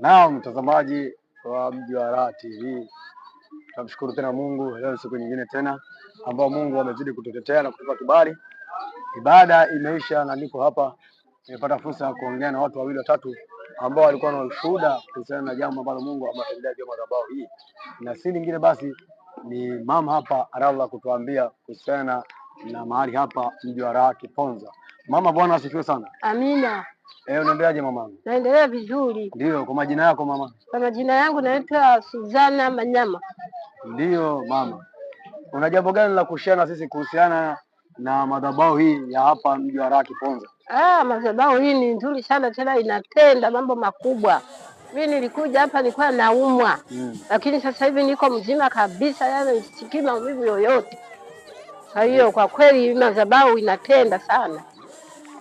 Naam, mtazamaji wa Mji wa Raha TV, tunamshukuru tena Mungu, leo siku nyingine tena ambao Mungu amezidi kututetea na kutupa kibali. Ibada imeisha na niko hapa, nimepata fursa ya kuongea na watu wawili watatu ambao walikuwa na ushuhuda kuhusiana na jambo ambalo Mungu ametendea juu madhabahu hii, na si lingine basi ni mama hapa Araula kutuambia kuhusiana na mahali hapa Mji wa Raha Kiponza. Mama, Bwana asifiwe sana. Amina. Eh, unaendeleaje mamangu? Naendelea vizuri. Ndio, kwa majina yako mama? Kwa majina yangu naitwa Suzana Manyama. ndio mama, una jambo gani la kushana sisi kuhusiana na madhabahu hii ya hapa mji wa Raha Kiponza? Ah, madhabahu hii ni nzuri sana tena inatenda mambo makubwa. Mimi nilikuja hapa nilikuwa naumwa mm, lakini sasa hivi niko mzima kabisa, yani sikii maumivu yoyote. Kwa hiyo mm. kwa kweli madhabahu inatenda sana.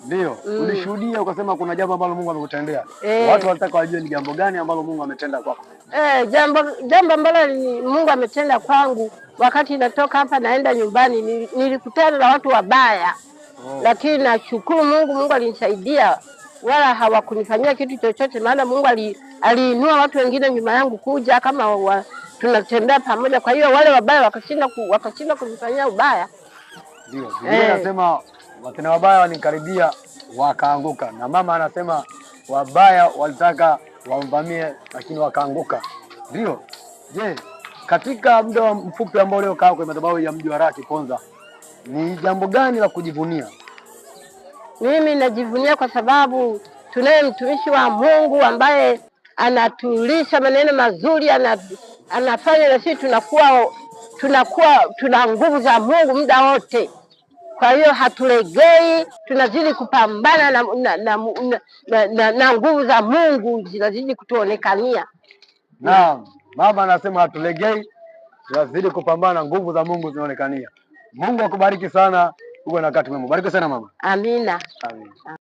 Ndio, mm. Ulishuhudia ukasema kuna jambo ambalo Mungu amekutendea. E. Watu walitaka wajue ni jambo gani ambalo Mungu ametenda kwako. Eh, jambo jambo ambalo Mungu ametenda kwangu wakati natoka hapa naenda nyumbani nilikutana na watu wabaya. Oh. Lakini nashukuru Mungu, Mungu alinisaidia wala hawakunifanyia kitu chochote, maana Mungu aliinua ali watu wengine nyuma yangu kuja kama wa, tunatembea pamoja. Kwa hiyo wale wabaya wakashinda ku, wakashinda kunifanyia ubaya. Ndio, Biblia eh wakina wabaya walimkaribia wakaanguka, na mama anasema wabaya walitaka wamvamie, lakini wakaanguka. Ndio. Je, katika muda mfupi ambao uliokaa kwenye madhabahu ya mji wa Raki, Kiponza, ni jambo gani la kujivunia? Mimi najivunia kwa sababu tunaye mtumishi wa Mungu ambaye anatulisha maneno mazuri, anafanya na sisi tunakuwa tunakuwa tuna nguvu za Mungu muda wote. Kwa hiyo hatulegei, tunazidi kupambana na, na, na, na, na, na, na nguvu za Mungu zinazidi kutuonekania. Naam, mama anasema hatulegei, tunazidi kupambana, na nguvu za Mungu zinaonekania. Mungu akubariki sana, uwe na wakati mwema. Bariki sana mama. Amina, amina.